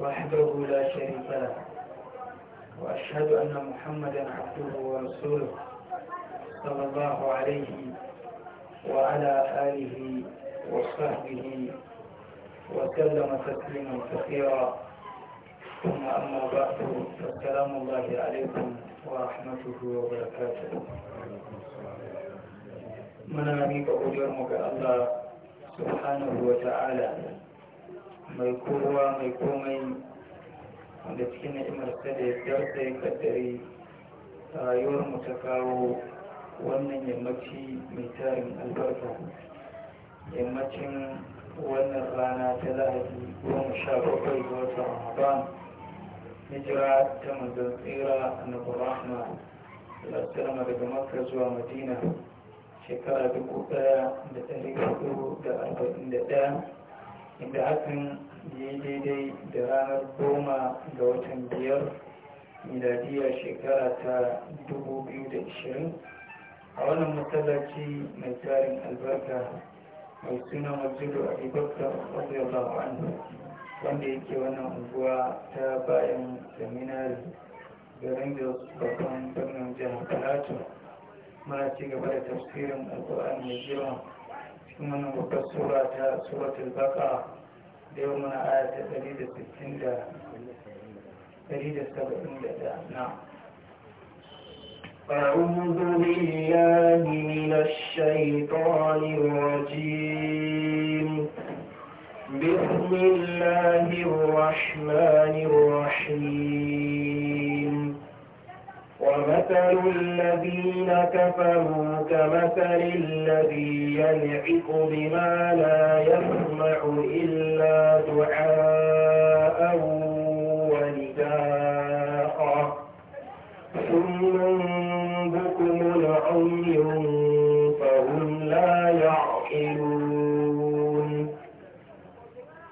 وحده لا شريك له وأشهد أن محمدا عبده ورسوله صلى الله عليه وعلى آله وصحبه وسلم تسليما كثيرا ثم أما بعد فالسلام الله عليكم ورحمته وبركاته من أميك أجرمك الله سبحانه وتعالى mai kowa mai komai wanda cikin ni'imarsa da yardarsa ya kaddare rayuwar mu ta kawo wannan yammaci mai tarin albarka yammacin wannan rana ta lahadi goma sha bakwai ga watan ramadan hijira ta manzan tsira annabi rahma sallallahu daga makka zuwa madina shekara dubu daya da ɗari hudu da arba'in da ɗaya inda hakan ya yi daidai da ranar goma ga watan biyar miladiyar shekara ta 2020 a wannan matsalaci mai tarin albarka mai suna majidu a ibakar radiyallahu anhu wanda yake wannan unguwa ta bayan seminari garin da babban birnin jihar plateau mana ci gaba da tafsirin alkur'an mai girma ثم نبقى سورة البقرة ليومنا آية بريدة ستين دا بريدة سبعين دا نعم أعوذ بالله من الشيطان الرجيم بسم الله الرحمن الرحيم ومثل الذين كفروا كمثل الذي ينعق بما لا يسمع إلا دعاء ونداء ثم بكم عمي فهم لا يعقلون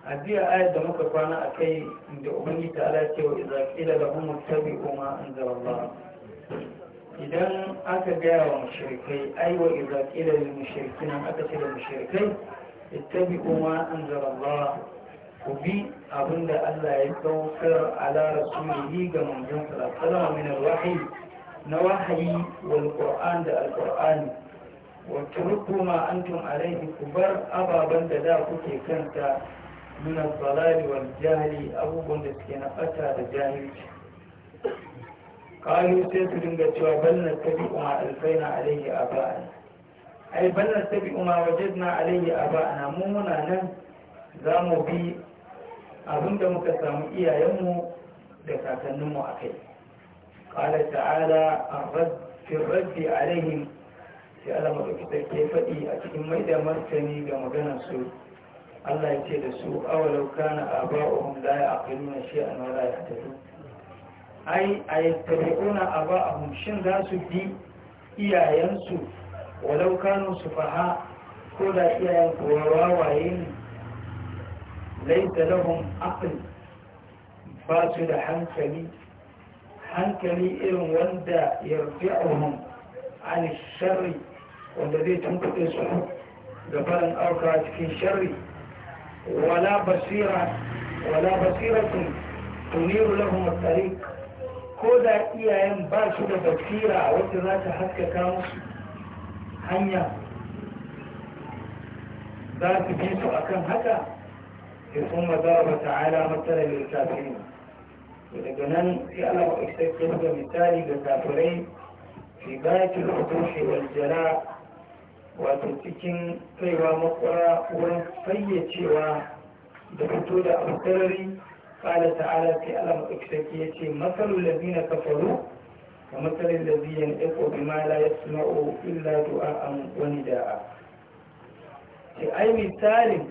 أبي آية دمك فانا أكي عند أبني تعالى وإذا قيل لهم اتبعوا ما أنزل الله idan aka gaya wa mashirkai aiwa izaƙila da mashirki nan aka ce da mashirkai ittabi kuma an zarabawa ku bi abinda Allah ya saukar ala rasulihi ga manzon sallallahu min alwahyi na wahayi wa qur'an da alqur'ani wa turku ma a ra'i ku bar ababen da da kuke kanta min al abubuwan da suke na fata da jahilci kalu sai su dinga cewa bannan tabi umar alfaina alaihi a ba'ana ai bannan tabi umar wajidna alaihi a ba'ana mu muna nan za mu bi abinda muka samu iyayenmu da kakanninmu a kai qala ta'ala arrad fi raddi alaihim sai Allah madaukaki ke faɗi a cikin mai da martani ga maganar su Allah ya ce da su awalau kana aba'uhum la ya'qiluna shay'an wa la yahtadun ai a yattabi'una aba'ahum shin za su bi iyayensu walau kanu fara ko da iyayen kuwa wawaye ne laita lahum aql ba su da hankali hankali irin wanda yarfi'uhum an sharri wanda zai tunkuɗe su ga farin auka cikin sharri wala basira wala basiratun tuniru lahum at-tariq ko da iyayen ba su da basira wacce za ta haskaka musu hanya za su bi su a kan haka sai kuma za ba ta'ala matsalar littafin daga nan sai ala wa isaƙin da misali ga kafirai fi baki hukunshi wal jara wato cikin kaiwa makwara wurin fayyacewa da fito da tarari قال تعالى في ألم madaukaki يتي مثل الذين كفروا ومثل الذي ينطق بما لا يسمع إلا دعاء ونداء في أي مثال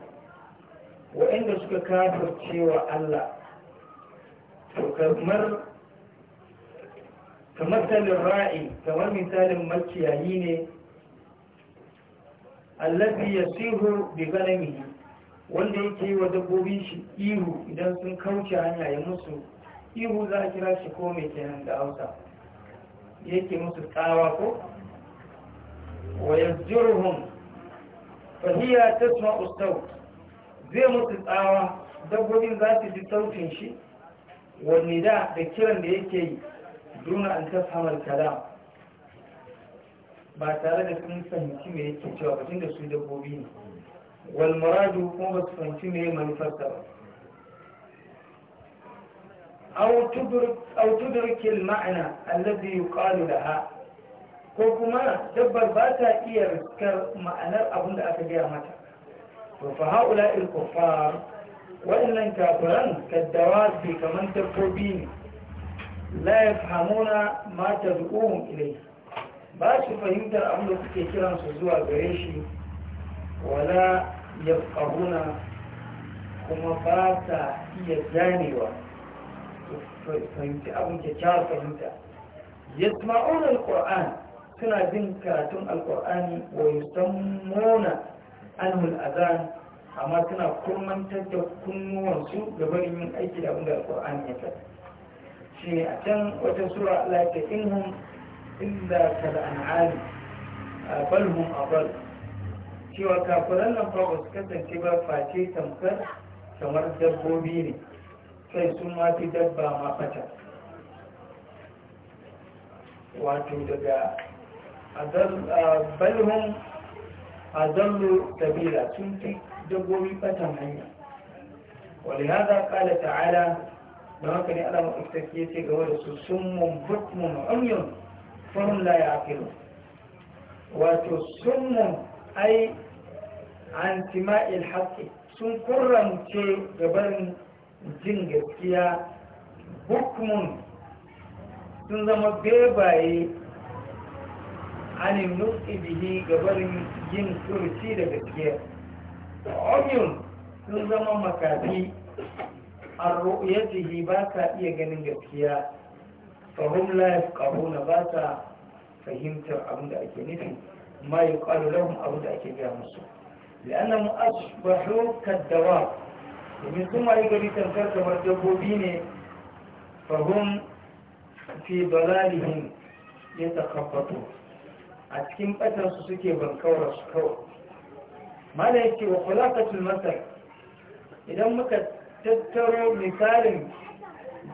وإن دسك كافر تيوى الله فكمر كمثل الرائي كمر مثال مكيايين الذي يسيه بغنمه wanda yake yi wa dabbobi shi ihu idan sun kauce hanya ya musu ihu za a kira shi ko mai kenan da hausa yake musu tsawa ko wa yazjuruhum fa hiya suma sawt zai musu tsawa dabbobin za su ji sautin shi wa da da kiran da yake yi duna an tafhamar kalam ba tare da sun fahimci me yake cewa ba da su dabbobi ne والمراد مفهوم التفنسين هي من فتر أو تدرك, أو تدرك المعنى الذي يقال لها كوكما دبر باتا إير كمعنى أبن أفجير متى فهؤلاء الكفار وإن لن كافران كالدواب كمن تقوبين لا يفهمون ما تدعوهم إليه باش فهمت الأمر كيكيرا سوزوا غريشي ولا yafqahuna kuma ba sa iya ganewa fahimci abin kyakkyawar fahimta yasma'un al'ƙar'an suna bin karatun alqur'ani wa yusammuna anhu al'azan amma suna kurmantar da kunnuwansu da barin yin aiki da abin da ya ta shi ne a can wata sura Allah ya ta inhum illa kal a bal a balhun cewa kafiran nan ba su kasance ba face tamkar kamar dabbobi ne sai sun ma fi dabba ma fata wato daga balhun azallu tabila sun fi dabbobi fatan hanya wani da? ولهذا قال تعالى لما كان يعلم اكتكيتي su sun بكم عمي فهم لا يعقلون wato sun mun ai an tima'il haƙƙi sun kurramce gaban jin gaskiya hukumun sun zama bebaye anin nutsi bihi gaban yin turci da gaskiya omiyun sun zama makafi a jihi ba ka iya ganin gaskiya fahim la yafqahuna ba ta fahimtar abin da ake nufi ma yuqalu lahum abin da ake gaya musu لأنهم أصبحوا كالدواب ومن ثم يقول تنكر كمردبوبين فهم في ضلالهم يتخبطون أتكين أتنا سسكي بنكورة سكوة ما لا يكي وخلاقة المثل إذا ما تتروا مثال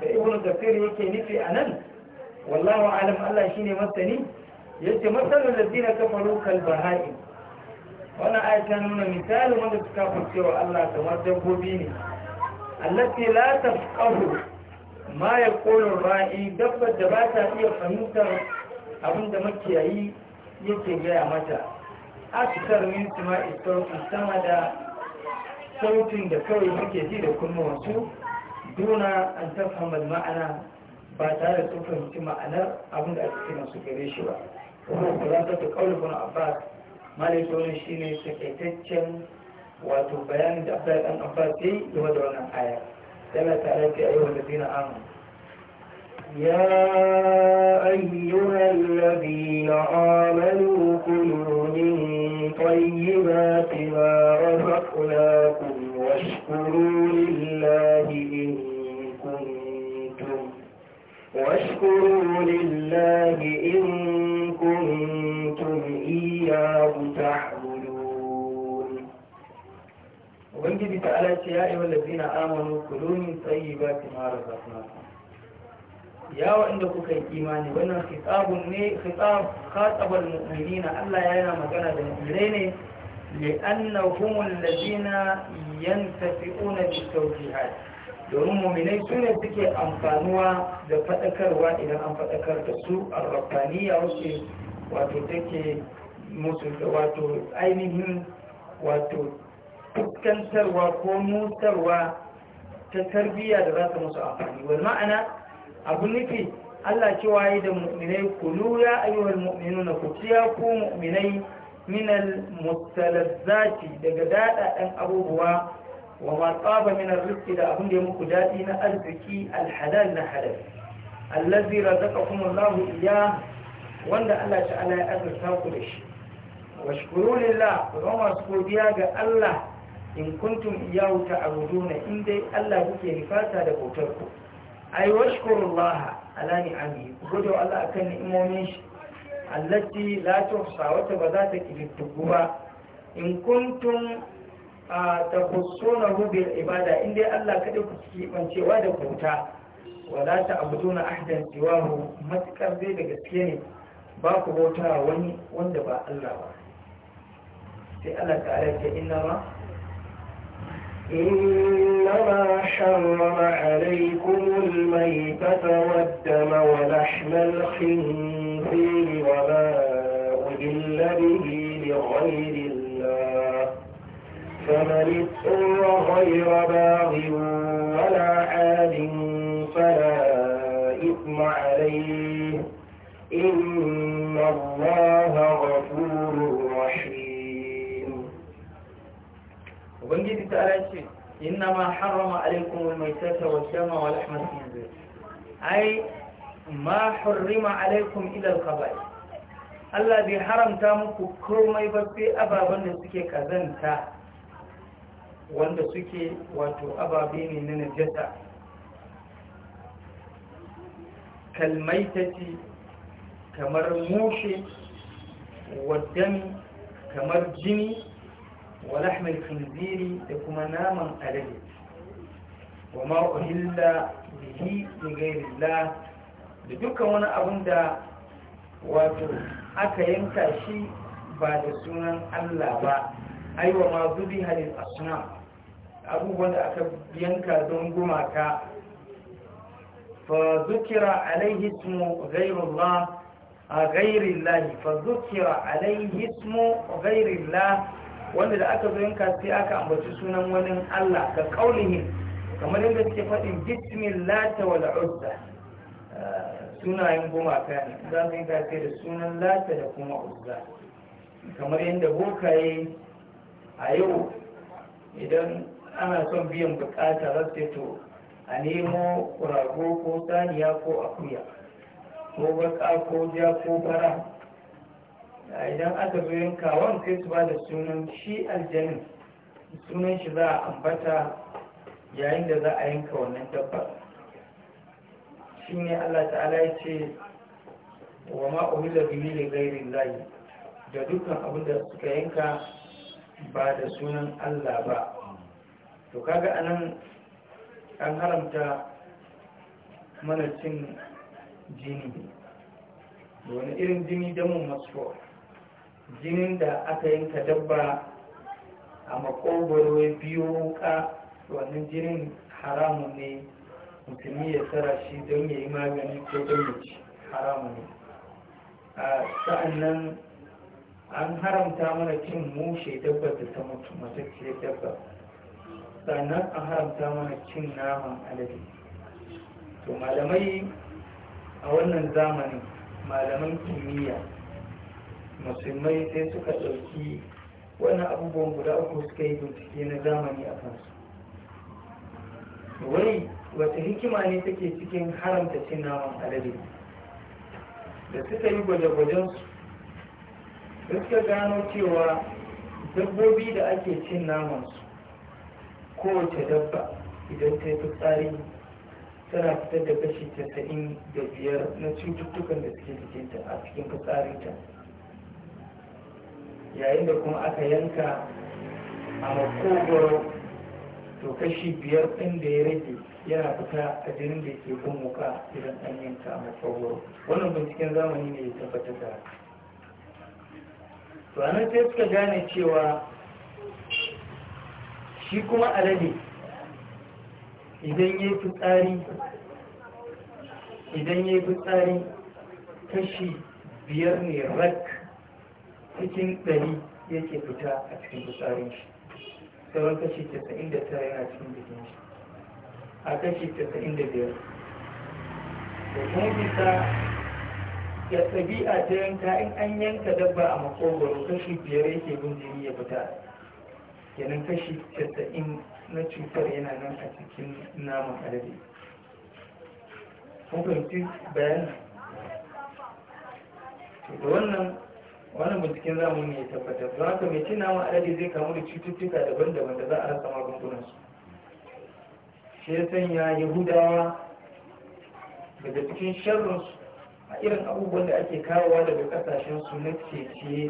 بإبن كثير يكي نفي أنن والله أعلم الله شيني مثلي يكي مثل الذين كفروا كالبهائم wannan ayat ta nuna misalin wanda su kafin cewa Allah kamar dabbobi ne allati la tafqahu ma yaqulu ra'i dabbar da ba ta iya fahimtar abin da makiyayi yake gaya mata akthar min sama'i sautin sama da sautin da kawai muke ji da kunnuwansu duna an tafhama ma'ana ba tare da sun fahimci ma'anar abin da ake kira su gare shi ba wannan kula ta kaulubun abbas malai tsoron shi ne takaitaccen wato bayanin da abdullahi dan abbas ya yi game da wannan aya yana tare da ayyuhal ladina amanu يا أيها الذين آمنوا كلوا من طيبات ما رزقناكم واشكروا لله إن كنتم واشكروا لله إن iyyahu ta'budun ubangiji ta ala ce ya ayyuhal ladina amanu kulu min tayyibati ma razaqnakum ya wanda kuka yi imani wannan khitabun ne khitab khatabal mu'minina Allah ya yana magana da mu'minai ne li'annahum alladhina yantafi'una bitawjihat domin mu'minai su ne suke amfanuwa da fadakarwa idan an fadakar da su ar ya wuce wato take musu wato ainihin wato fuskantarwa ko nutarwa ta tarbiyya da za ta musu amfani wal ma'ana abu nufi Allah cewa waye da mu'minai kulu ya ayyuhal muminu na ciya ku mu'minai minal mustalazzati daga dadadan abubuwa wa ma minar min da abin da ya muku daɗi na arziki alhalal na halal allazi razaqakum Allahu iya wanda Allah ta'ala ya azurta ku da shi washkuru lillah ku zama masu godiya ga Allah in kuntum iyahu ta'buduna in dai Allah kuke nifata da bautar ku ai washkurullah ala ni'ami ku gode wa Allah akan ni'imomin shi allati la tuhsa wata ba za ta kididdigu ba in kuntum takhusunahu bil ibada in dai Allah kada ku kibancewa da bauta wala ta'buduna ahdan siwahu matakar dai da gaske ne ba ku bauta wani wanda ba Allah ba سألت عليك إنما إنما حرم عليكم الميتة والدم ولحم الخنزير وما أهل به لغير الله فمن اضطر غير باغ ولا عاد فلا إثم عليه إن ubangiji ta ala ce inna ma harrama alaikum almaitata wa shama wa lahmal khinzir ai ma hurrima alaikum ila alqaba'i Allah bai haramta muku komai ba sai ababen da suke kazanta wanda suke wato ababe ne na najasa kalmaitati kamar mushe waddami kamar jini ولحم الخنزير لكمناما عليه وما أهل به لغير الله لدك وانا أبندا واتو أكا ينكاشي بعد سنة الله با أيوة ما ذبيها للأصنام أبو بند أكا ينكا دونقماكا فذكر عليه اسم غير الله غير الله فذكر عليه اسم غير الله wanda da aka zo sai aka ambaci sunan wani Allah ka kaulihi kamar yadda suke faɗin bismillata wal uzza eh, sunayen ka ne za mu yanka sai da sunan lata da kuma uzza kamar yadda bokaye a yau idan ana son biyan bukata za to a nemo rago ko saniya ko akuya ko baka ko ja ko fara idan aka zo yanka, wani sai su ba da sunan shi aljanin sunan shi za a ambata yayin da za a yanka wannan dabba shi ne allah ta'ala ya ce wa ma'uhila biyu da zai layi da dukkan abin da suka yanka ba da sunan allah ba to kaga anan an haramta mana cin jini wani irin jini damun masu jinin da aka yanka dabba a makogoro ya biyo wuka wannan jinin haramun ne mutumi ya tsara shi don ya yi magani ko don ya ci haramun ne A sa'annan an haramta mana cin mushe dabba da ta mutu matacciyar dabba sannan an haramta mana cin naman alade to malamai a wannan zamanin malaman kimiyya musulmai sai suka ɗauki wani abubuwan guda uku suka yi bincike na zamani a kansu wai wata hikima ne take cikin haramta cin naman alade da suka yi gwaje-gwajensu da suka gano cewa dabbobi da ake cin naman su kowace dabba idan ta yi fitsari tana fitar da kashi 95 na cututtukan da suke jikinta a cikin fitsarinta yayin da kuma aka yanka a makogoro to kashi biyar ɗin da ya rage yana fita a jinin da ke gun wuka idan an yanka a makogoro wannan binciken zamani ne ya tabbatar da to sai suka gane cewa shi kuma alade idan ya fitsari idan ya fitsari kashi biyar ne rak cikin ɗari yake fita a cikin fitsarin shi sauran kashi casa'in da tara yana cikin jikin shi a kashi casa'in da biyar da kuma bisa ga ɗabi'a ta yanka in an yanka dabba a makogwaro kashi biyar yake bin jini ya fita kenan kashi casa'in na cutar yana nan a cikin naman alade kun fahimci bayanin da wannan wannan binciken zamu ne ya tabbatar don haka mai cin naman alade zai kamu da cututtuka daban-daban da za a rasa magungunan shi ya sanya yahudawa daga cikin sharrin a irin abubuwan da ake kawowa daga kasashen su na cece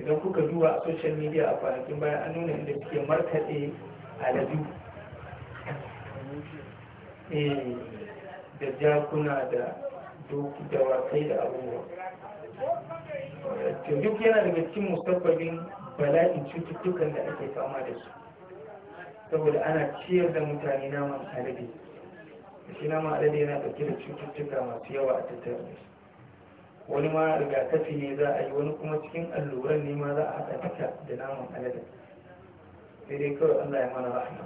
idan kuka duba a social media a kwanakin baya an nuna inda suke markaɗe aladu eh, da jakuna da doki da wakai da abubuwa to duk yana daga cikin musabbabin bala'in cututtukan da ake fama da su saboda ana ciyar da mutane naman alade shi naman alade yana ɗauke da cututtuka masu yawa a tattare da su wani ma rigakafi ne za a yi wani kuma cikin alluran ne ma za a haɗa duka da naman alade sai dai kawai allah ya mana rahama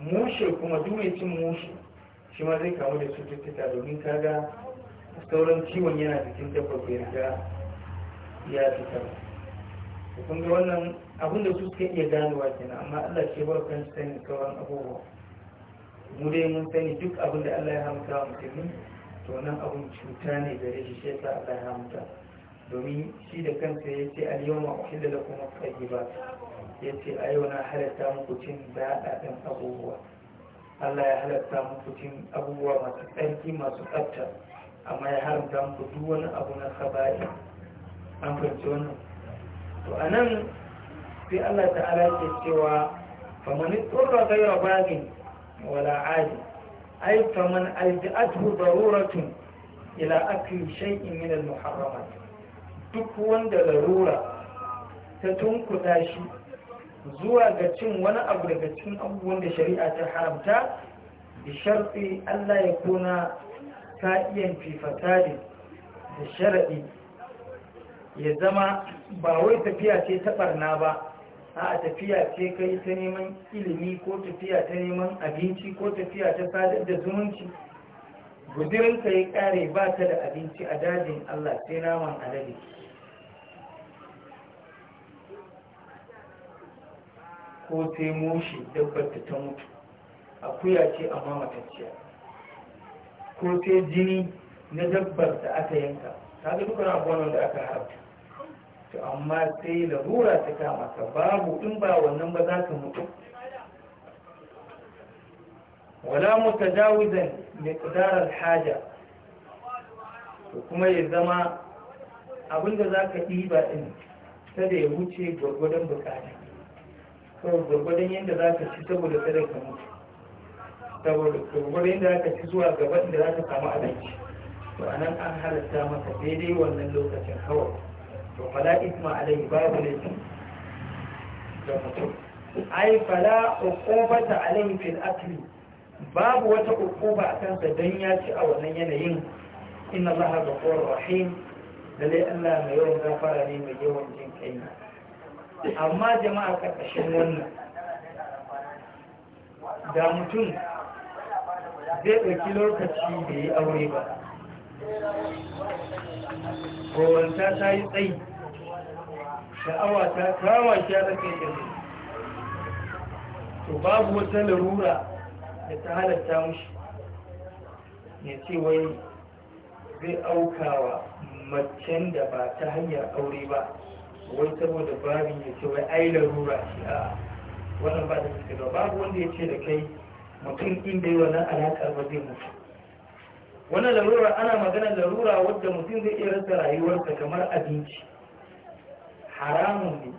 mushe kuma duk mai cin mushe shi ma zai kamu da cututtuka domin kaga sauran ciwon yana jikin dabba bai riga ya fi ba kun ga wannan abin da su suka iya ganowa kenan amma Allah ce bar kan sani sauran abubuwa mu dai mun sani duk abin da Allah ya hamta wa mutumi to nan abin cuta ne da rashi shi yasa Allah ya hamta domin shi da kansa ya ce al-yawma uhilla lakum at-tayyibat ya ce a yau na halatta muku cin daɗaɗen abubuwa Allah ya halatta muku cin abubuwa masu tsarki masu tsafta amma ya haramta muku duk wani abu na khaba'i an fahimci wannan to a nan sai Allah ta'ala ke cewa faman tsurra ghayra bagin wala adi ai faman alja'athu daruratun ila akli shay'in min al-muharramat duk wanda larura ta tunkuta shi zuwa ga cin wani abu daga cikin abubuwan da shari'a ta haramta da sharfi Allah ya kuna Ta iya fi fatalin da sharaɗi ya zama ba wai tafiya ce ta ɓarna ba a tafiya ce kai ta neman ilimi ko tafiya ta neman abinci ko tafiya ta sadar da zumunci gudurinka ya ƙare ba ta da abinci a dajin allah sai naman alade ko sai moshi dabbar ta mutu akuya ce amma matacciya ko sai jini na dabbar da aka yanka ta kaga dukkan abubuwan da aka haramta to amma sai larura ta kama ka babu in ba wannan ba za ka mutu wala mutajawizan mai al-haja to kuma ya zama abinda za ka ɗiba ɗin da ya wuce gwargwadon bukata kawai gwargwadon yadda za ka ci saboda kada ka mutu saboda gurgurin inda aka ci zuwa gaba inda za ka samu abinci to a nan an halatta masa daidai wannan lokacin kawai to fala isma alai babu laifi ga mutum ai fala uqubata alai fil akli babu wata uquba a kansa dan ya ci a wannan yanayin inna allaha ghafurur rahim lalle Allah mai yawan gafara ne mai yawan jin kai amma jama'a karkashin wannan da mutum zai ɗauki lokaci da ya aure ba kowanta ta yi tsayi sha'awa ta kawawa shi ya zaka yi to babu wata larura da ta halatta mushi ya ce wai zai aukawa macen da ba ta hanyar aure ba wai saboda babin ya ce wai ai larura shi a wannan ba da suka babu wanda ya ce da kai mutum ɗin yi wannan alaƙar ba zai mutu wannan larura ana maganar larura wadda mutum zai iya rasa rayuwarsa kamar abinci haramun ne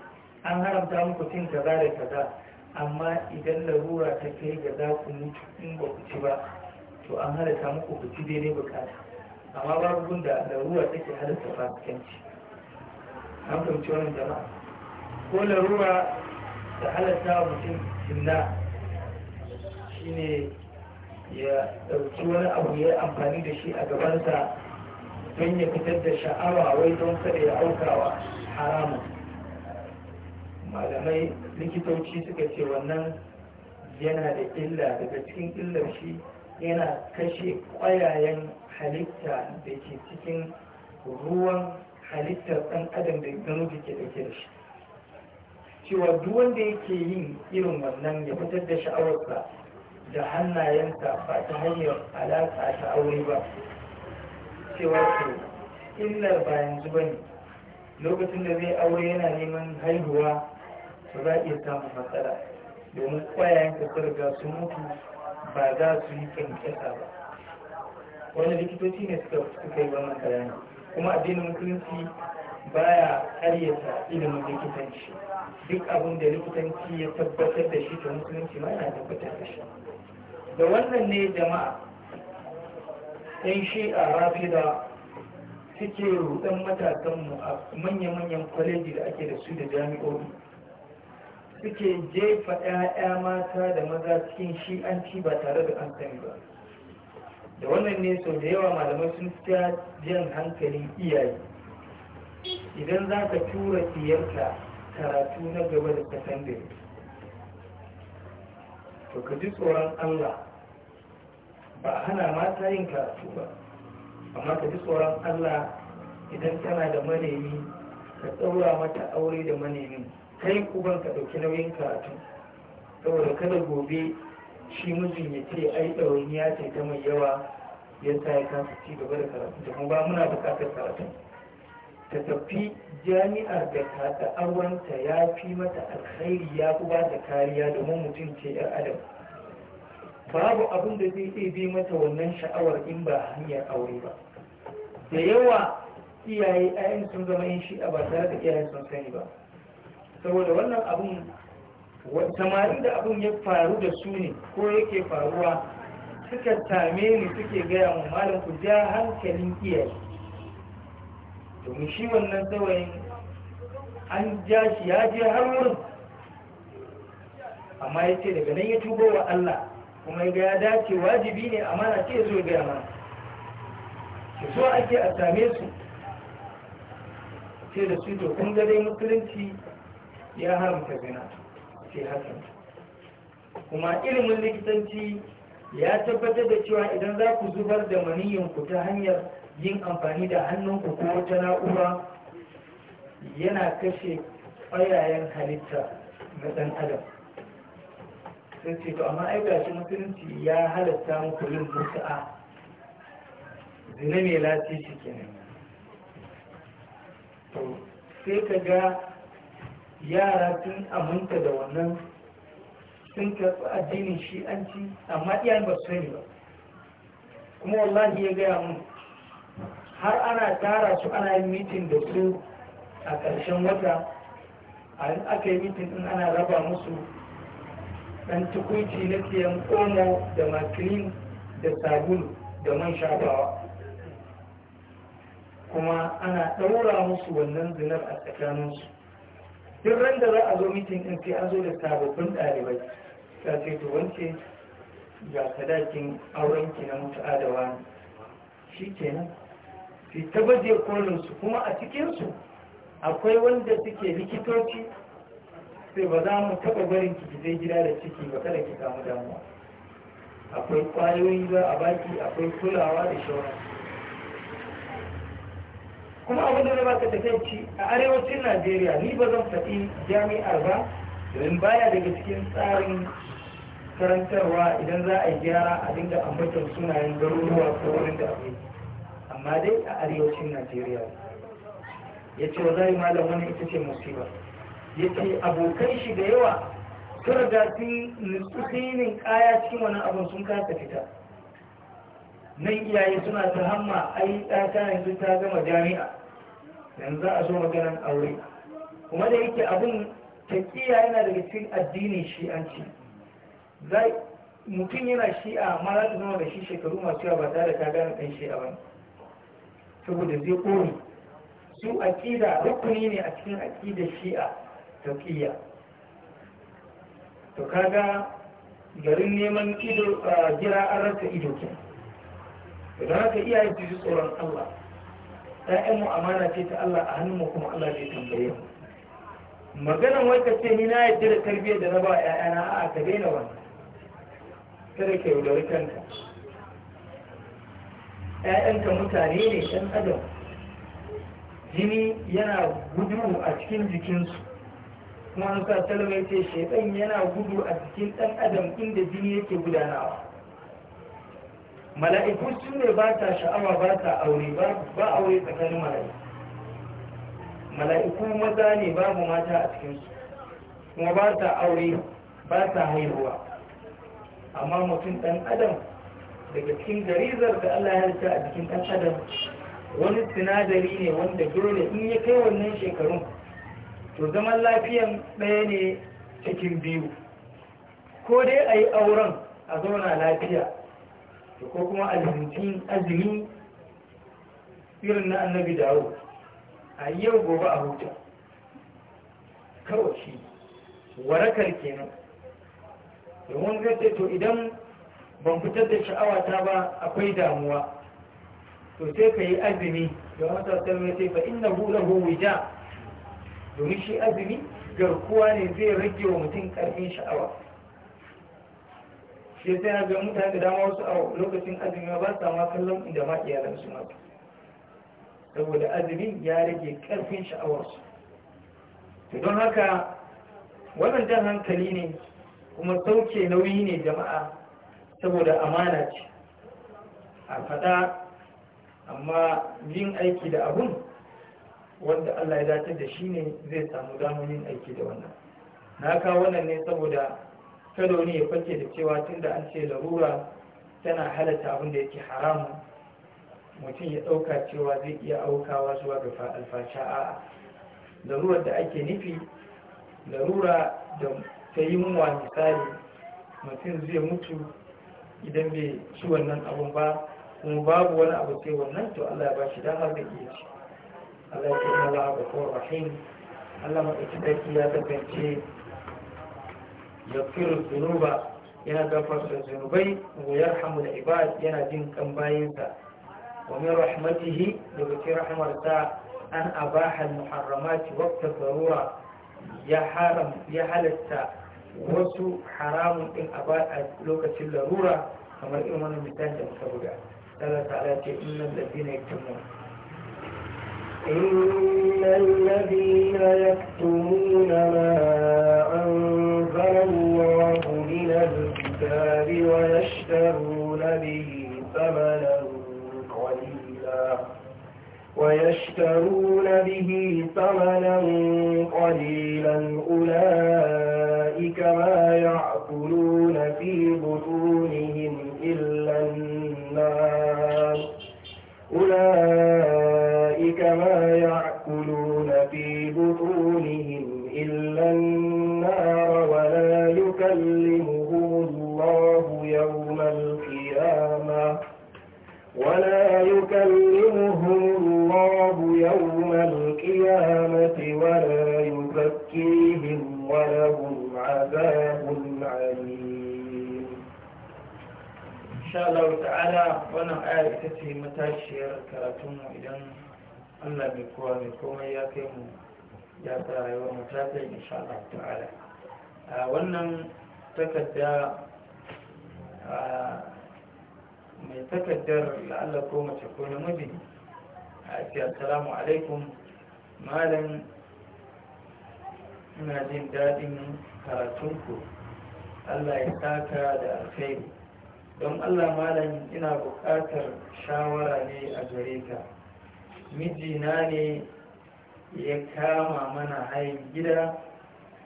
an haramta muku cin kaza da kaza amma idan larura ta kai ga za ku mutu in ba ku ci ba to an halatta muku ku ci daidai bukata amma babu gunda larura take halatta fasikanci an fahimci wannan jama'a ko larura da halatta mutum sinna shine ya ɗauki wani abu ya amfani da shi a gabansa don ya fitar da sha'awa wai don kada ya wa haramun malamai likitoci suka ce wannan yana da illa daga cikin illar shi yana kashe kwayayen halitta da ke cikin ruwan halittar ɗan adam da da ke ɗauke da shi cewa duk wanda yake yin irin wannan ya fitar da sha'awarsa da hannayensa ba ta hanyar alaƙa ta aure ba cewa to illar ba yanzu ba ne lokacin da zai aure yana neman haihuwa ba za a iya samun matsala domin ƙwayayenka su riga sun mutu ba za su yi kyankyasa ba wani likitoci ne suka yi wannan bayani kuma addinin musulunci baya karyata ilimin likitanci duk abin da likitanci ya tabbatar da shi ta musulunci ma yana tabbatar da shi da wannan ne jama'a shi a rafida suke rudan matakanmu a manya-manyan kwaleji da ake da su da jami'o'i suke jefa 'ya'ya mata da maza cikin shi'anci ba tare da an sani ba da wannan ne sau da yawa malamai sun fita jan hankalin iyaye idan za ka tura siyarta karatu na gaba da sakandare to ka ji tsoron allah ba a hana mata yin karatu ba amma ka ji tsoron allah idan tana da manemi ka tsaura mata aure da manemin kai uban ka ɗauki nauyin karatu saboda kada gobe shi mijin ya ce ai ya ce ta mai yawa yadda ya kasa ci gaba da karatu da ba muna buƙatar karatu ta tafi jami'ar da ta ta'awanta ya fi mata alkhairi ya fi ba ta kariya domin mutum ce yar adam babu abin da zai iya bi mata wannan sha'awar in ba hanyar aure ba da yawa iyaye ayin sun zama yin shi'a ba tare da iyayen sun sani ba saboda wannan abun samarin da abun ya faru da su ne ko yake faruwa suka same ni suke gaya mu malam ku ja hankalin iyaye domin shi wannan saurayin an ja shi ya je har wurin amma ya ce daga nan ya tuba wa Allah kuma ya ga ya dace wajibi ne na ce zo gaya mana so ake a same su ce da su to kun dai musulunci ya haramta zina ce hasan kuma ilimin likitanci ya tabbatar da cewa idan za ku zubar da maniyin ku ta hanyar yin amfani da hannunku ko wata na'ura yana kashe ƙwayayen halitta na ɗan adam sai ce to amma ai gashi musulunci ya halatta muku yin musu'a zina mai lati shi kenan to sai ka ga yara sun aminta da wannan sun karɓi addinin shi'anci amma iyayen ba su sani ba kuma wallahi ya gaya mun har ana tara su ana yin mitin da su a ƙarshen wata a yin aka yi mitin in ana raba musu ɗan tukuici na siyan omo da makilin da sabulu da man shafawa kuma ana ɗaura musu wannan zinar a tsakaninsu duk ran da za a zo mitin ɗin sai an zo da sababbin ɗalibai ta ce to wance ga sadakin aurenki na mutu'a adawa shi kenan su ta baje kuma a cikinsu akwai wanda suke likitoci sai ba za mu taɓa barin ki zai gida da ciki ba kada ki samu damuwa akwai kwayoyi za a baki akwai kulawa da shawara kuma abin da ba ka takaici a arewacin najeriya ni ba zan faɗi jami'ar ba domin baya daga cikin tsarin karantarwa idan za a yi gyara a dinga ambatar sunayen garuruwa ko wurin da akwai amma dai a arewacin najeriya ya ce wa zai malam wani ita ce musiba ya ce abokai shi da yawa sun riga sun nutsu kaya cikin wani abin sun kasa fita nan iyaye suna ta hamma ai ɗata yanzu ta gama jami'a yanzu za a zo maganan aure kuma da yake abin taƙiya yana daga cikin addinin shi'anci mutum yana shi'a amma za ta zama da shi shekaru masu yawa ba tare da ta gane ɗan shi'a ba saboda zai ƙone su aƙida rukuni ne a cikin aƙida shi'a taƙiyya to kaga garin neman ido jira an rasa ido ke don haka iyaye su ji tsoron Allah mu amana ce ta Allah a hannun mu kuma Allah zai tambaye mu maganan wai ka ce ni na yadda da tarbiyyar da na ba 'ya'yana a'a ka daina wannan kada ka yaudari kanka ƴaƴanka mutane ne ɗan adam jini yana gudu a cikin jikinsu kuma an sa salama ya ce shaitan yana gudu a jikin ɗan adam inda jini yake gudanawa mala'iku su ne ba ta sha'awa ba ta aure ba aure tsakanin mala'iku mala'iku maza ne babu mata a cikinsu kuma ba ta aure ba ta haihuwa amma mutum ɗan adam daga cikin garizar da Allah ya rika a jikin ɗan adam wani sinadari ne wanda dole in ya kai wannan shekarun to zaman lafiyan ɗaya ne cikin biyu ko dai a yi auren a zauna lafiya to ko kuma azumcin azumi irin na annabi dawo a yau gobe a huta kawai shi warakar kenan domin zai to idan ban fitar da sha'awata ba akwai damuwa to sai ka yi azumi da wata salmai sai fa inna hula huwija domin shi azumi garkuwa ne zai rage wa mutum karfin sha'awa shi sai na ga mutane da dama wasu a lokacin azumi ba sa ma kallon inda ma iyalansu ma saboda azumin ya rage karfin sha'awarsu to don haka wannan jan hankali ne kuma sauke nauyi ne jama'a saboda amana ce a fada amma yin aiki da abun wanda Allah ya datar da shi ne zai samu damar yin aiki da wannan na kawo wannan ne saboda kada wani ya fake da cewa tun da an ce larura tana halatta abin da yake haramun mutum ya ɗauka cewa zai iya aukawa zuwa ga alfasha a'a larurar da ake nufi larura da ta yi wa misali mutum zai mutu idan bai ci wannan abun ba kuma babu wani abu sai wannan to Allah ya ba shi damar da ke ci Allah ya kuma Allah ga kowa rahim Allah maɗauki daki ya kasance ya firu zunuba yana gafarta zunubai wa yarhamu da ibad yana jin kan bayinsa wa min rahmatihi daga cikin rahmarsa an abaha al-muharramati waqta zarura ya haram ya halatta wasu haramun din a lokacin larura kamar irin wani misali da muka buga Allah ta'ala ce innal ladina yaktumun إن الذين يكتمون ما أنزل الله من الكتاب ويشترون به ثمنا قليلا ويشترون به ثمنا قليلا أولئك ما يعقلون في بطونهم إلا النار أولئك ما يعقلون في بطونهم إلا النار ولا يكلمهم الله يوم القيامة ولا يكلمهم insha Allah ta'ala wannan aya ita ce matashiyar karatunmu idan Allah mai kowa mai komai ya kai mu ya ta rayuwar mu ta kai insha Allah ta'ala a wannan takarda mai takardar la'alla ko mace ko namiji a ce assalamu alaikum malam ina jin daɗin karatunku Allah ya saka da alkhairi don allah malam ina buƙatar shawara ne a gare ka mijina ne ya kama mana hayan gida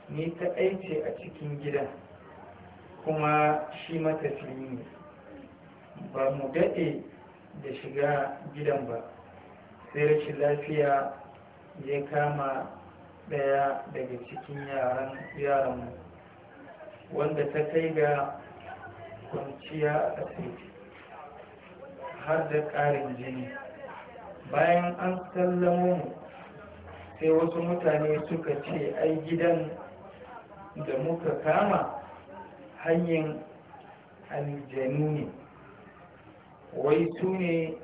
ni ta aice a cikin gida kuma shi matafiyi ne ba mu daɗe da shiga gidan ba sai rashin lafiya ya kama ɗaya daga cikin yaran yaranmu wanda ta kai ga kwanciya a asibiti har da ƙarin jini bayan an sallamo mu sai wasu mutane suka ce ai gidan da muka kama hanyar aljanu ne wai su ne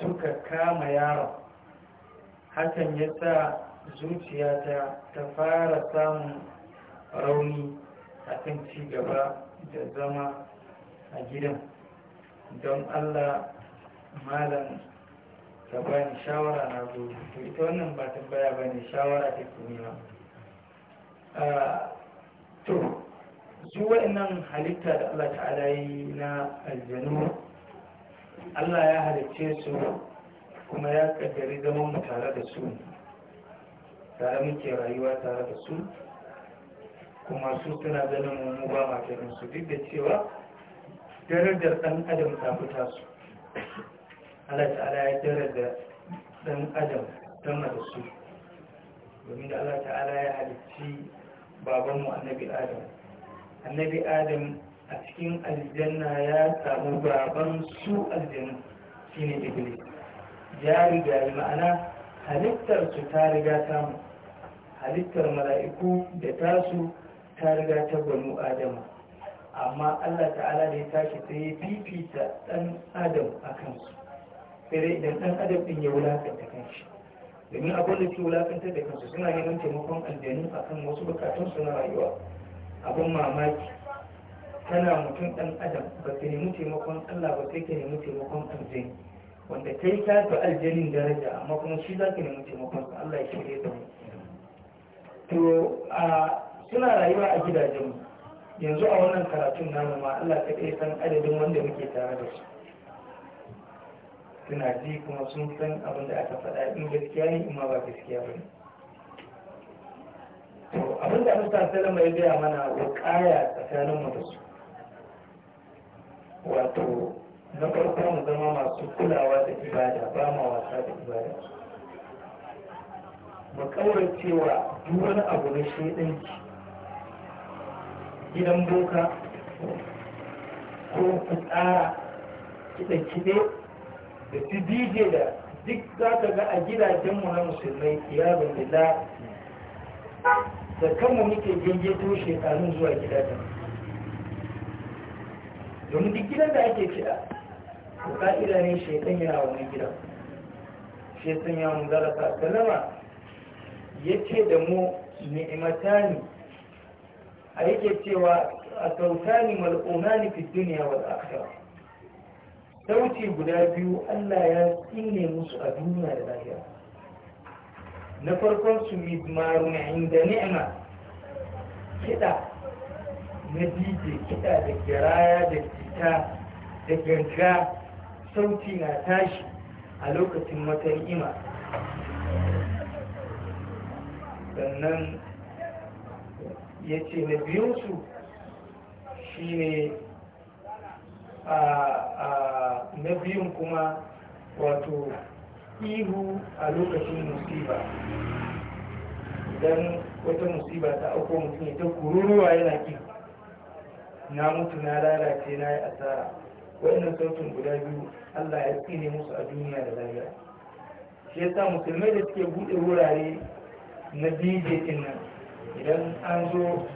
suka kama yaron hakan ya sa zuciyata ta fara samun rauni a kan cigaba da zama a gidan don allah malam ta bani shawara na zo to ita wannan ba tambaya ba ne shawara ta ba to su waɗannan halitta da allah ta'ala yi na aljanu allah ya halicce su kuma ya kaddari zaman mu tare da su tare muke rayuwa tare da su kuma su suna ganin mu ba ma su duk da cewa darajar ɗan adam ta fita su Allah ta'ala ya darajar ɗan adam sama da su domin da Allah ta'ala ya halicci babanmu annabi adam annabi adam a cikin aljanna ya samu baban su aljanna shine iblis ya riga ma'ana halittar su ta riga samu halittar mala'iku da tasu ta riga ta gwanu adama amma Allah ta'ala da ya tashi sai ya fifita ɗan adam a kansu sai dai idan ɗan adam ɗin ya wulakanta kanshi domin abin da ke wulakantar da kansu suna neman taimakon aljanu a kan wasu bukatun suna rayuwa abin mamaki tana mutum ɗan adam ba ka nemi taimakon Allah ba sai ka nemi taimakon aljanu wanda kai ka fi aljanin daraja amma kuma shi za ka nemi taimakon Allah ya shirya da mu to suna rayuwa a gidajenmu. yanzu a wannan karatun namu ma Allah ta kai san adadin wanda muke tare da su suna ji kuma sun san abin da aka faɗa in gaskiya ne in ma ba gaskiya ba ne abin da amsa salama ya gaya mana wakaya tsakanin mu da su wato na farko mu zama masu kulawa da ibada ba ma wasa da ibada mu kawar cewa duk wani abu na shaidanci gidan boka ko ku tsara kiɗe-kiɗe da su dije da duk za ka ga a gidajenmu na musulmai ya bambila da kanmu muke to shekarun zuwa gidajen domin duk gidan da ake kiɗa ko ka'ida ne shekan yana wani gidan shekan yawon zarafa kalama ya ce da mu ni'imata ne a yake cewa a sautani mal'umani fi duniya wal akhirah sauti guda biyu Allah ya tsine musu a duniya da lahira na farkon su mizmarun inda ni'ma kiɗa na dj kiɗa da garaya da fita da ganga sauti na tashi a lokacin matan ima sannan ya ce na biyunsu shi ne na biyun kuma wato ihu a lokacin musiba idan wata musiba ta auko mutum ta kururuwa yana ki na mutu na lalace na yi asara wannan sautin guda biyu allah ya tsine musu a duniya da lafiya shi sa musulmai da suke buɗe wurare na dj nan idan an zo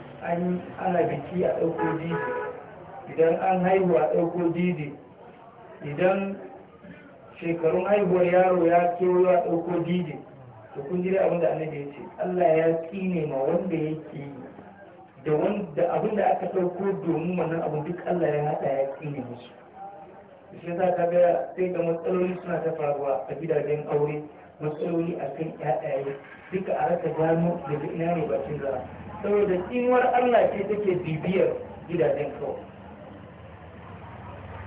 ana biki a ɗauko didi idan an haihu a ɗauko didi idan shekarun haihuwar yaro ya kewayo a ɗauko didi to kun jira abin da annabi ya ce Allah ya tsine ma wanda yake da wanda abin da aka ɗauko domin wannan abin duk Allah ya haɗa ya tsine musu shi sa ka ga sai ga matsaloli suna ta faruwa a gidajen aure matsaloli a kan ƴaƴaye duka a raka gano daga ina ne bakin za saboda tsinuwar Allah ce take bibiyar gidajen kawai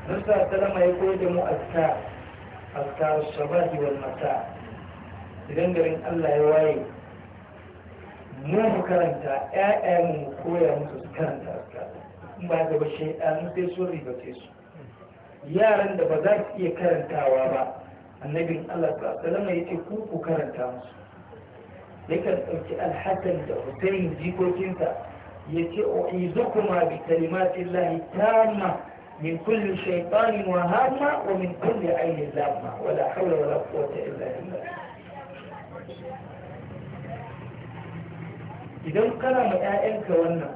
Musa salama ya koyar da mu aska, azka shabahi wal mata idan garin Allah ya waye mu mu karanta ƴaƴa mu mu koya musu su karanta aska, in ba ga ba shaytanu sai sun ribace su yaran da ba za su iya karantawa ba annabin Allah ta salama ya ce ku ku karanta musu yakan ɗauki alhassan da hussein jikokinsa ya ce u'izukuma bi kalimatin lahi tamma min kulli shaytanin wa hamma wa min kulli ainin lamma wala hawla wala quwwata illa billah idan kana ma 'ya'yanka wannan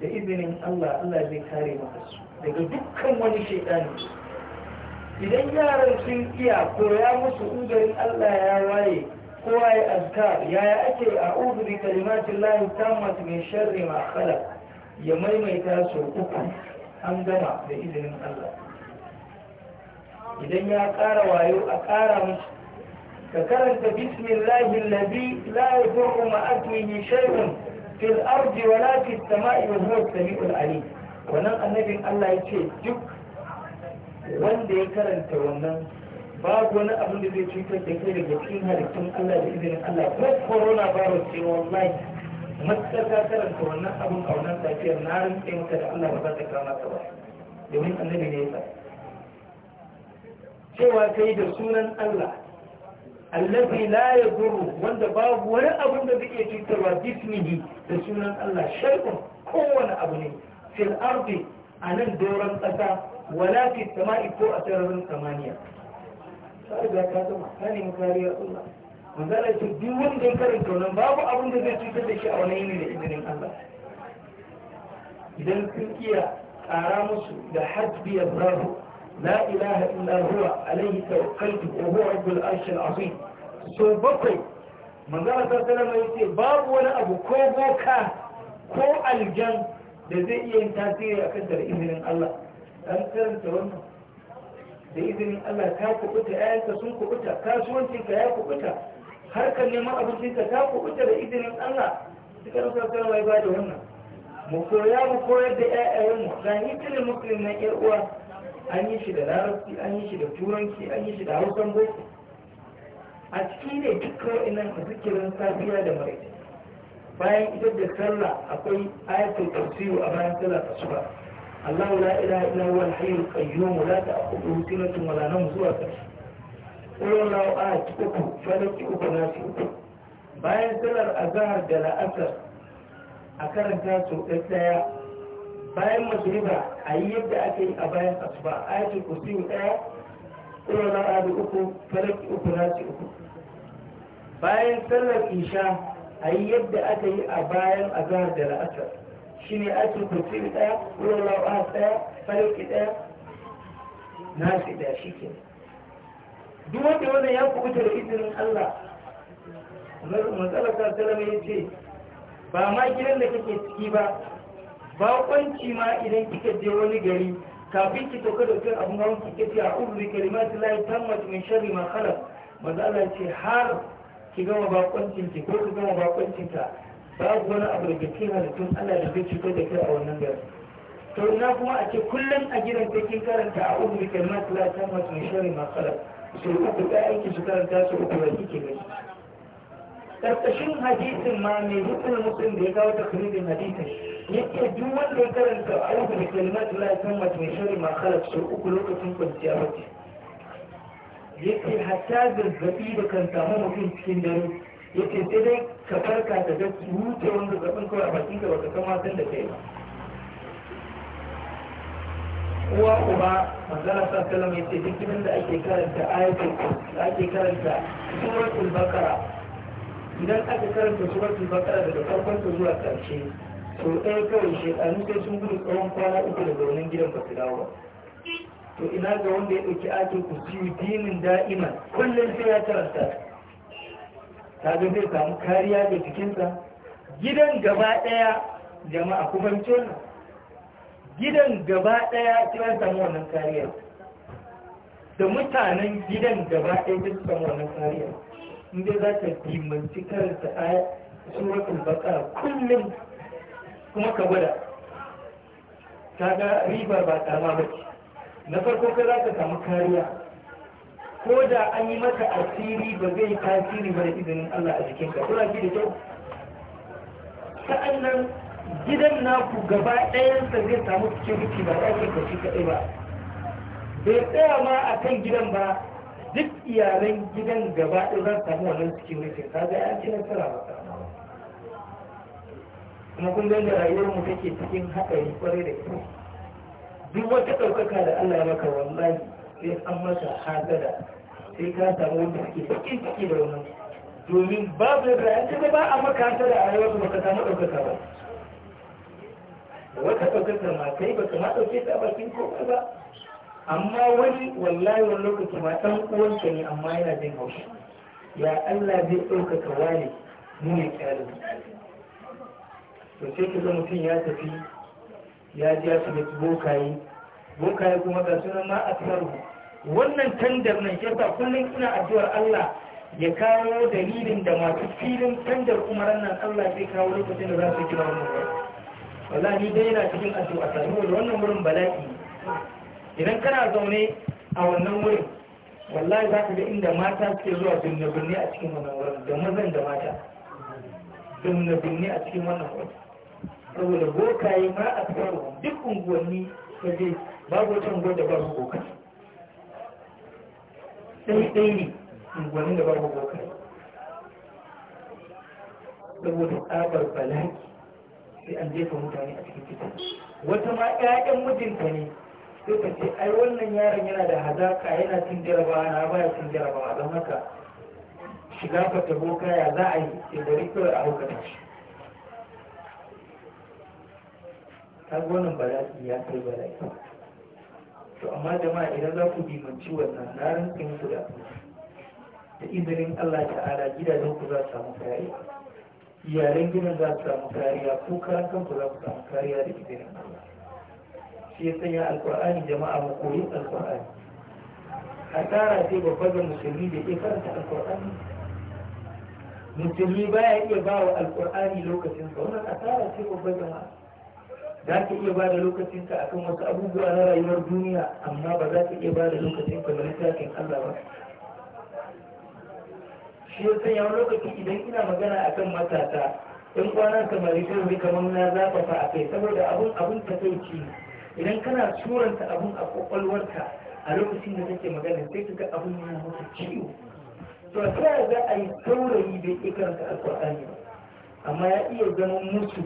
da izinin Allah Allah zai kare maka su daga dukkan wani shaitani idan yaran sun iya koya musu ugarin Allah ya waye kowa ya azkar yaya ake a bi kalimatin lahi tammat mai sharri ma khalaq ya maimaita su uku an gama da izinin Allah idan ya ƙara wayo a ƙara musu ka karanta bismillahi alladhi la yadurru ma ismihi shay'un fil ardi wa la fis sama'i wa huwa as-sami'ul 'alim wannan annabin Allah yace duk wanda ya karanta wannan babu wani abin da zai cutar da kai daga cikin halittun Allah da izinin Allah ko corona virus ce wallahi matsar ka karanta wannan abin a wannan safiyar na rantse maka da Allah ba za ta kama ka ba domin annabi ne yasa cewa kai da sunan Allah allazi la yadurru wanda babu wani abin da zai cutarwa bismihi da sunan Allah shay'un kowane abu ne fil ardi a nan doron ƙasa wala fi sama'i ko a sararin samaniya ka riga ka gama ka nemi kariyar Allah manzala ce duk wanda ya karanta wannan babu abin da zai cutar da shi a wani yini da izinin Allah idan kun iya ƙara musu da hasbi Allahu la ilaha illa huwa alaihi tawakkaltu wa huwa rabbul arshil azim so bakwai manzala ta sallama yace babu wani abu ko boka ko aljan da zai iya yin tasiri akan da izinin Allah dan karanta wannan da izinin Allah ta kubuta ƴaƴanka sun kubuta kasuwancinka ya kubuta harkar neman abincinka ta kubuta da izinin Allah suka rasa mai ya bada wannan mu koya mu koyar da ƴaƴayenmu ga hikimin musulmin na ƴar uwa an yi shi da larabci an yi shi da turanci an yi shi da hausan boko a ciki ne dukkan inan zikirin safiya da maraice bayan ita da sallah akwai ayatul kursiyu a bayan sallah asuba الله لا إله إلا هو الحي القيوم لا تأخذه سنة ولا نوم سوى قل الله آت أكو فلت أكو ناس أكو bayan salar azahar da la'asar a karanta su ɗaya bayan masriba a yi yadda ake yi a bayan asuba ayatul kursi ɗaya ƙulon al'adu uku falaki uku nasi uku bayan sallar isha a yi yadda aka yi a bayan azahar da la'asar shi ne aikin kursi ɗaya wurin lawa ɗaya farki ɗaya nasu ɗaya shi ke duk wanda wannan ya kubuta da izinin Allah matsalar tattalin ya ce ba ma gidan da kake ciki ba baƙwanci ma idan kika je wani gari kafin ki sauka da kan abin hawan kike ce a ubu bi kalimatu lahi tammat min sharri ma khalaq manzo Allah ce har ki gama baƙwancin ki ko ki gama baƙwancin ka babu wani abu da ke tun Allah da zai cutar da kai a wannan gari to ina kuma a ce kullum a gidan ta kin karanta a uku da kalmat la ta ma tun shari ma kala su uku da aiki su karanta su uku da kike ne karkashin hadisin ma mai hukun musulun da ya kawo takririn hadisin yake duk wanda ya karanta a uku da kalmat la ta ma tun shari ma kala su uku lokacin kwanciya bace yake hatta zazzabi da kan samu mutum cikin dare yake sai dai ka farka da ga wuce wanda zaɓin kawai a bakin ka baka kama san da kai ba uwa uba manzala sa salam ya ce duk da ake karanta ayatul ake karanta suratul bakara idan aka karanta suratul bakara daga farkon ta zuwa ƙarshe to ɗaya kawai shekaru sai sun gudu tsawon kwana uku daga wannan gidan ba su dawo to ina ga wanda ya ɗauki ku kursi dinin da'iman kullum sai ya karanta kaga zai samu kariya ga jikinsa gidan gaba ɗaya jama'a ku fahimci wannan gidan gaba ɗaya sai samu wannan kariya da mutanen gidan gaba ɗaya sai samu wannan kariya in dai za ka dimanci karanta a suratul baqara kullum kuma ka gwada kaga riba ba tsama ba na farko ka za ka samu kariya ko da an yi maka asiri ba zai tasiri ba da izinin Allah a cikin ka kuna ki da kyau sa'annan gidan naku gaba ɗayan sa zai samu cikin security ba ɗakin ka shi kaɗai ba bai tsaya ma a kan gidan ba duk iyalan gidan gaba ɗaya za su samu wannan security ka ga an ci nasara ba kuma kun ga rayuwar mu take cikin haɗari kwarai da kyau. duk wata ɗaukaka da Allah ya maka wallahi sai an masa hasada sai ka samu wanda suke da ƙiƙi da wani domin babu yadda ya ce ba a maka hasada a yawon baka samu ɗaukaka ba wata ɗaukaka ma kai ba kama ɗauke ta bakin kowa ba amma wani wallahi wani lokaci ma ɗan uwanka ne amma yana jin haushi ya Allah zai ɗaukaka wani mu ne kyalin to sai ka mutum ya tafi ya ji ya shiga bokaye bokaye kuma ga sunan ma a tsarhu wannan tandar nan yasa kullum ina addu'ar Allah ya kawo dalilin da masu filin tandar umaran nan Allah zai kawo lokacin da za su kira wannan wala ni dai yana cikin addu'a ta saboda wannan wurin bala'i idan kana zaune a wannan wurin wallahi za ka ga inda mata suke zuwa binne binne a cikin wannan wurin da mazan da mata binne binne a cikin wannan wurin saboda bokaye ma a tsaro duk unguwanni ka je babu wata unguwar da babu bokaye ɗaiɗai ne unguwannin da babu bokai saboda tsabar balaki sai an jefa mutane a cikin fitan wata ma 'ya'yan mijinta ne sai ka ce ai wannan yaron yana da hazaka yana cin jarabawa na baya cin jarabawa don haka shiga fata boka ya za a yi ke bari kawai a hukata shi ta wannan bala'i ya kai bala'i to amma jama'a idan za ku manci wannan na ɗin ku da da izinin Allah ta'ala gidajen ku za su samu kariya iyalan gidan za su samu kariya ko karan kanku za ku samu kariya da izinin Allah shi ya sanya alkur'ani jama'a mu koyi alkur'ani tara sai babba ga musulmi da ke karanta alkur'ani musulmi baya iya ba wa alkur'ani lokacin sa wannan tara sai babba jama'a za ka iya ba da lokacinka akan wasu abubuwa na rayuwar duniya amma ba za ka iya ba da lokacinka na littafin Allah ba shi ya sanya wani lokaci idan ina magana akan matasa in kwanan samari sai wuri kamar na zafafa a kai saboda abun abun ta idan kana suranta abun a kwakwalwarka a lokacin da take magana sai ka ga abun yana maka ciwo to ta za a yi saurayi bai iya karanta alkur'ani ba amma ya iya zama musu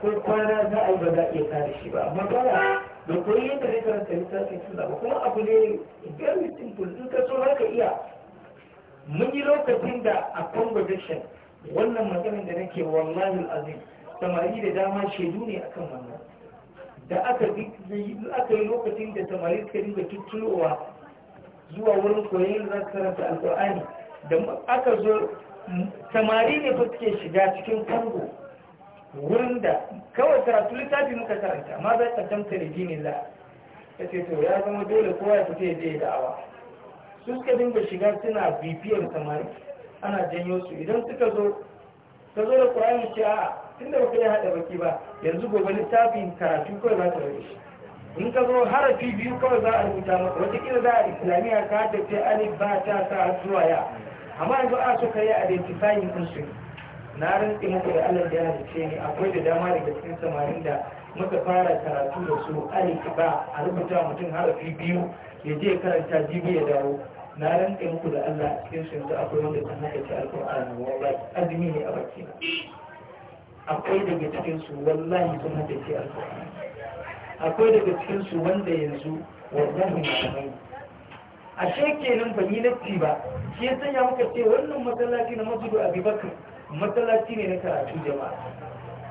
ko kwana za a yi ba za a iya kare shi ba amma kawai da koyi yadda zai karanta littafin suna ba kuma abu ne very simple in ka so haka ka iya mun yi lokacin da a conversation wannan maganin da nake wallahi azim samari da dama shaidu ne akan wannan da aka yi lokacin da samari suka dinga tuttulowa zuwa wurin koyon za su karanta alkur'ani da aka zo samari ne fa suke shiga cikin kango wurin da kawai karatu littafi muka karanta amma bai tsaddamta da gini za ya ce to ya zama dole kowa ya fita ya je da'awa su suka dinga shiga suna bibiyar samari ana janyo su idan suka zo ta zo da ƙwararri shi a tun da baka haɗa baki ba yanzu gobe littafin karatu kawai za ta rage in ka zo harafi biyu kawai za a rubuta maka wataƙila za a islamiyya ka haddace alif ba ta sa zuwa ya amma yanzu a so ka yi identifying instrument na rantsi muku da Allah ya halice ni akwai da dama daga cikin samarin da muka fara karatu da su aliki ba a rubuta mutum harafi biyu ya je karanta jibi ya dawo na rantsi muku da Allah cikin su yanzu akwai wanda ta haka ci alƙur'ani wallahi azumi ne a baki akwai daga cikin su wallahi sun haka ci alƙur'ani akwai daga cikin su wanda yanzu wallahi malamai ashe kenan ba ni nafsi ba shi ya sanya muka ce wannan masallaci na a abubakar matsalaci ne na karatu jama'a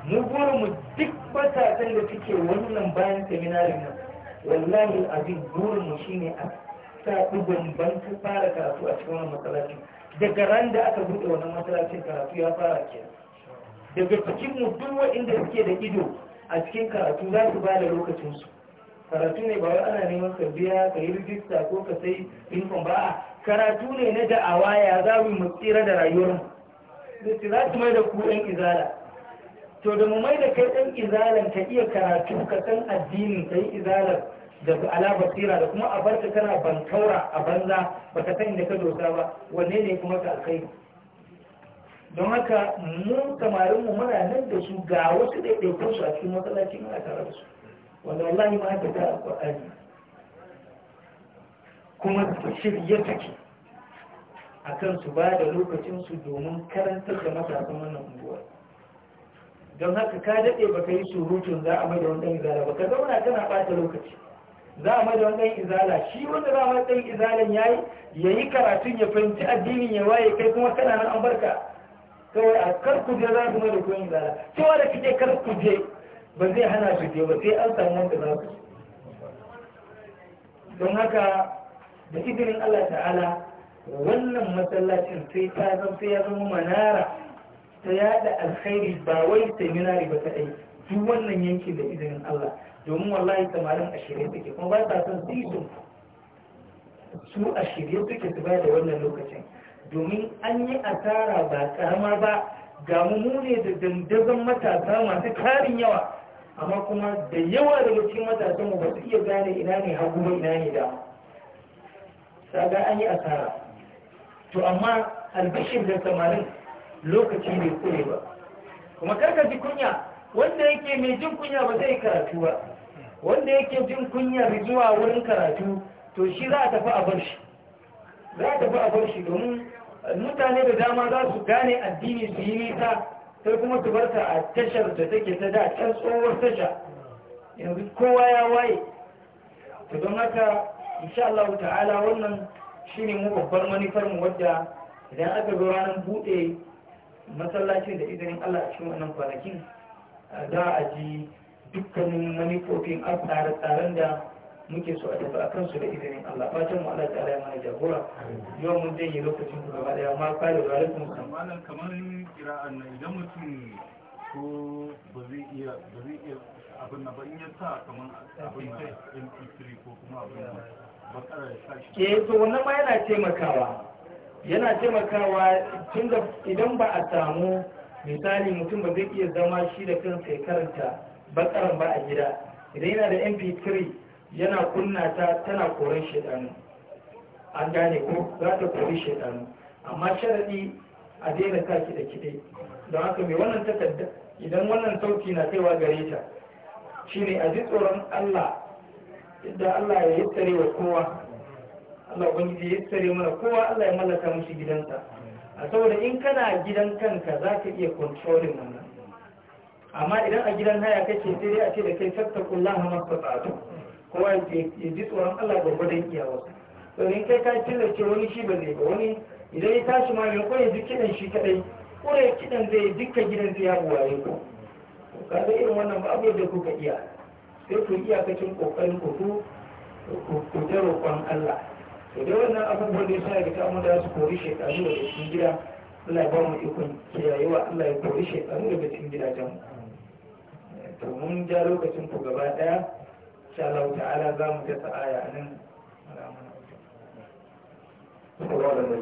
mu goro mu duk matasan da suke wannan bayan seminarin nan wallahi abin burin mu shi ne a sa ɗigon ban fara karatu a cikin wannan matsalaci daga ran da aka buɗe wannan matsalacin karatu ya fara ke daga cikin mu duk waɗanda suke da ido a cikin karatu za su ba da lokacinsu karatu ne ba wai ana neman ka biya ka yi rijista ko ka sai uniform ba karatu ne na da'awa ya za mu tsira da rayuwarmu za mai da ku ɗan izala to da mu mai da kai ɗan izalan ka iya karatu ka san addinin ka yi izalar da ala basira da kuma a barka kana bankaura a banza ba ka san da ka dosa ba wanne ne kuma ka kai don haka mu samarin mu muna nan da su ga wasu ɗaiɗaikun su a cikin masallacin muna tare da su wanda wallahi ma haka ta kuma shirye take akan su ba da lokacinsu domin karantar da matasan wannan unguwar don haka ka daɗe ba ka yi surutun za a mai da wani izala ba ka zauna kana ɓata lokaci za a mai da wani izala shi wanda za a mai ɗan izalan ya ya yi karatun ya fahimci addinin ya waye kai kuma kana nan an barka kawai a kar ku je za ku mai da koyon izala cewa da kike kar je ba zai hana su je ba sai an samu wanda za ku don haka da izinin Allah ta'ala wannan masallacin sai ta zama sai ya zama manara ta yada alkhairi ba wai ta minari ba ɗai duk wannan yankin da izinin Allah domin wallahi samarin a shirye suke kuma ba sa son su su su a shirye suke su bayar da wannan lokacin domin an yi asara ba karama ba ga mu da dandazon matasa masu karin yawa amma kuma da yawa daga cikin matasan mu ba su iya gane ina ne hagu ba ina ne dama. Saga an yi asara. to amma albishin da samanin lokaci ne kure ba kuma karka ji kunya wanda yake mai jin kunya ba zai karatu ba wanda yake jin kunya bai zuwa wurin karatu to shi za a tafi a bar shi za a tafi a bar shi domin mutane da dama za su gane addini su yi nisa sai kuma su bar ta a tashar da take ta da can tsohuwar tasha yanzu kowa ya waye to don haka insha Allah ta'ala wannan ne mu babbar manufar mu wadda idan aka zo ranar buɗe masallacin da izinin Allah a cikin wannan kwanakin za a ji dukkanin manufofin a tsare-tsaren da muke so a tafi a kansu da izinin Allah fatan mu Allah ta'ala ya mana jagora yau mun zai yi lokacin ku gaba daya ma kare da alaikum salam malam kamar kira'an nan idan mutum ko ba zai iya ba zai iya abin na ba in ya sa kamar abin nan MP3 ko kuma abin nan ke eh, to wannan ma yana taimakawa yana taimakawa tunda idan ba a samu misali mutum ba zai iya zama shi da kansa ya karanta bakaran ba a gida idan yana da mp3 yana kunna ta tana koren shaidanu an gane ko za ta kori shaidanu amma sharadi a daina sa da kiɗe don haka mai wannan takarda idan wannan sauki na kaiwa gare ta shine a ji tsoron allah yadda Allah ya yassare wa kowa Allah ubangiji ya yassare mana kowa Allah ya mallaka mushi gidansa a saboda in kana gidan kanka za ka iya controlling wannan amma idan a gidan haya kake sai dai a ce da kai fattakullaha mastata'tu kowa ya ji tsoron Allah gwargwadon iyawarsa domin kai ka killace wani shi ba zai ba wani idan ya tashi ma mai kwaye duk kiɗan shi kaɗai kwaye kiɗan zai dukkan gidan zai ya buwaye ko ga irin wannan ba abu da kuka iya sai ku iyakacin kokarin ku ku ku ta roƙon Allah to dai wannan abubuwan da suna da kamun da su kori shekaru daga cikin gida Allah ya ba mu ikon kiyayewa Allah ya kori shekaru daga cikin gidajen to mun ja lokacin ku gaba daya insha Allah ta'ala za mu ta aya nan